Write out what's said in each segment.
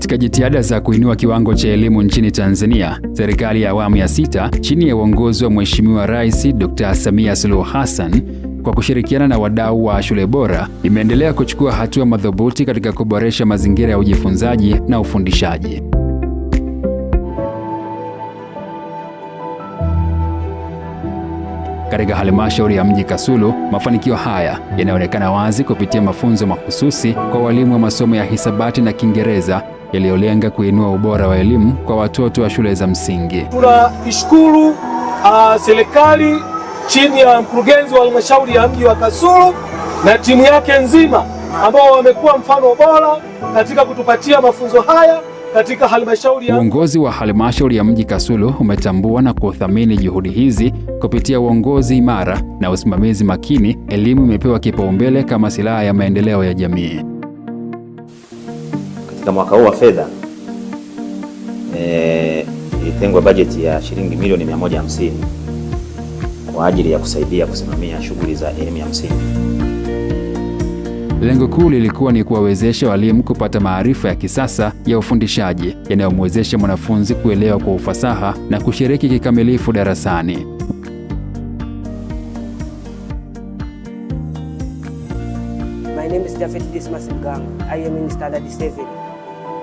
Katika jitihada za kuinua kiwango cha elimu nchini Tanzania, serikali ya awamu ya sita chini ya uongozi wa Mheshimiwa Rais Dr. Samia Suluhu Hassan kwa kushirikiana na wadau wa shule bora imeendelea kuchukua hatua madhubuti katika kuboresha mazingira ya ujifunzaji na ufundishaji. Katika halmashauri ya mji Kasulu, mafanikio haya yanaonekana wazi kupitia mafunzo mahususi kwa walimu wa masomo ya hisabati na Kiingereza yaliyolenga kuinua ubora wa elimu kwa watoto wa shule za msingi. tunashukuru uh, serikali chini ya mkurugenzi wa halmashauri ya mji wa Kasulu na timu yake nzima ambao wamekuwa mfano bora katika kutupatia mafunzo haya katika halmashauri ya... Uongozi wa halmashauri ya mji Kasulu umetambua na kuthamini juhudi hizi. Kupitia uongozi imara na usimamizi makini, elimu imepewa kipaumbele kama silaha ya maendeleo ya jamii katika mwaka huu wa fedha e, ilitengwa bajeti ya shilingi milioni 150 kwa ajili ya kusaidia kusimamia shughuli za elimu ya msingi. Lengo kuu lilikuwa ni kuwawezesha walimu kupata maarifa ya kisasa ya ufundishaji yanayomwezesha mwanafunzi kuelewa kwa ufasaha na kushiriki kikamilifu darasani. My name is David Dismas Mganga. I am in standard 7.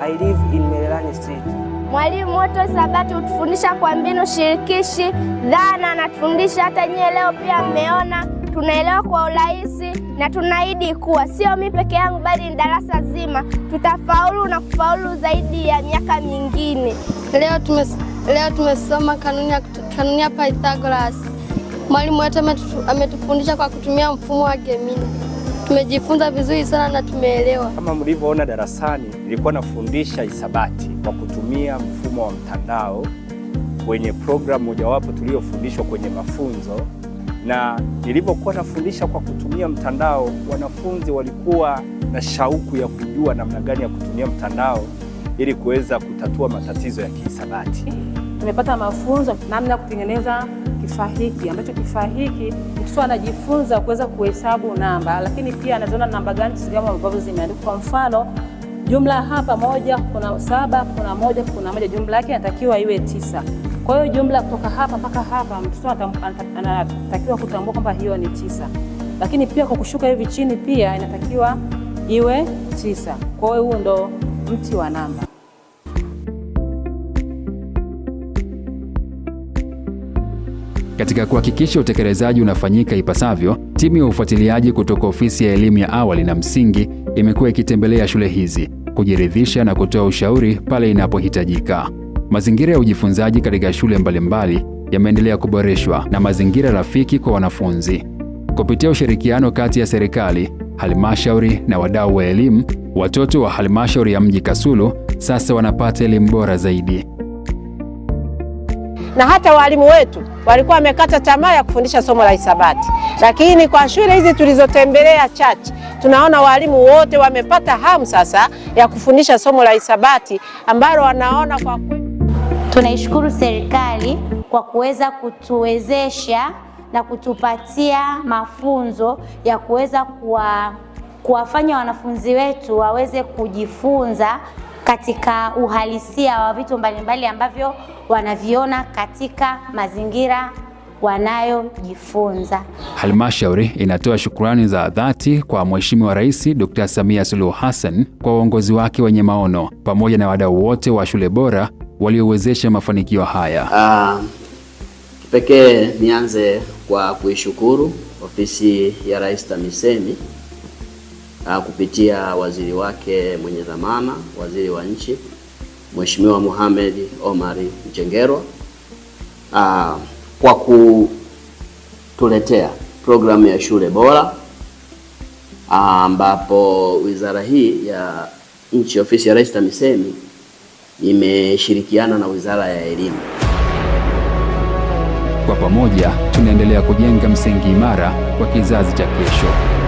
I live in Merelani Street. Mwalimu Moto Sabato hutufundisha kwa mbinu shirikishi dhana, anatufundisha hata nyie leo pia mmeona, tunaelewa kwa urahisi na tunaahidi kuwa sio mimi peke yangu, bali ni darasa zima tutafaulu na kufaulu zaidi ya miaka mingine. Leo tumes, leo tumesoma kanuni ya kanuni ya Pythagoras. Mwalimu wetu ametufundisha kwa kutumia mfumo wa Gemini. Tumejifunza vizuri sana na tumeelewa. Kama mlivyoona darasani, nilikuwa nafundisha hisabati kwa kutumia mfumo wa mtandao kwenye programu mojawapo tuliyofundishwa kwenye mafunzo, na nilipokuwa nafundisha kwa kutumia mtandao, wanafunzi walikuwa na shauku ya kujua namna gani ya kutumia mtandao ili kuweza kutatua matatizo ya kihisabati. Tumepata mafunzo namna ya kutengeneza kifaa hiki ambacho kifaa hiki mtoto anajifunza kuweza kuhesabu namba, lakini pia anaziona namba gani sigamu ambavyo zimeandikwa. Kwa mfano jumla hapa moja, kuna saba, kuna moja, kuna moja, jumla yake inatakiwa iwe tisa. Kwa hiyo jumla kutoka hapa mpaka hapa mtoto anatakiwa kutambua kwamba hiyo ni tisa, lakini pia kwa kushuka hivi chini pia inatakiwa iwe tisa. Kwa hiyo huo ndo mti wa namba. Katika kuhakikisha utekelezaji unafanyika ipasavyo, timu ya ufuatiliaji kutoka ofisi ya elimu ya awali na msingi imekuwa ikitembelea shule hizi kujiridhisha na kutoa ushauri pale inapohitajika. Mazingira ya ujifunzaji katika shule mbalimbali yameendelea kuboreshwa na mazingira rafiki kwa wanafunzi. Kupitia ushirikiano kati ya serikali, halmashauri na wadau wa elimu, watoto wa halmashauri ya mji Kasulu sasa wanapata elimu bora zaidi na hata walimu wetu walikuwa wamekata tamaa ya kufundisha somo la hisabati, lakini kwa shule hizi tulizotembelea chache tunaona walimu wote wamepata hamu sasa ya kufundisha somo la hisabati ambalo wanaona kwa Tunaishukuru serikali kwa kuweza kutuwezesha na kutupatia mafunzo ya kuweza kuwa, kuwafanya wanafunzi wetu waweze kujifunza katika uhalisia wa vitu mbalimbali ambavyo wanaviona katika mazingira wanayojifunza. Halmashauri inatoa shukrani za dhati kwa Mheshimiwa Rais Dr. Samia Suluhu Hassan kwa uongozi wake wenye maono pamoja na wadau wote wa shule bora waliowezesha mafanikio haya. Uh, kipekee nianze kwa kuishukuru ofisi ya Rais TAMISEMI uh, kupitia waziri wake mwenye dhamana, waziri wa nchi Mheshimiwa Mohamed Omari Mchengerwa uh, ah, kwa kutuletea programu ya shule bora ah, ambapo uh, wizara hii ya nchi ofisi ya Rais TAMISEMI imeshirikiana na wizara ya elimu. Kwa pamoja tunaendelea kujenga msingi imara kwa kizazi cha kesho.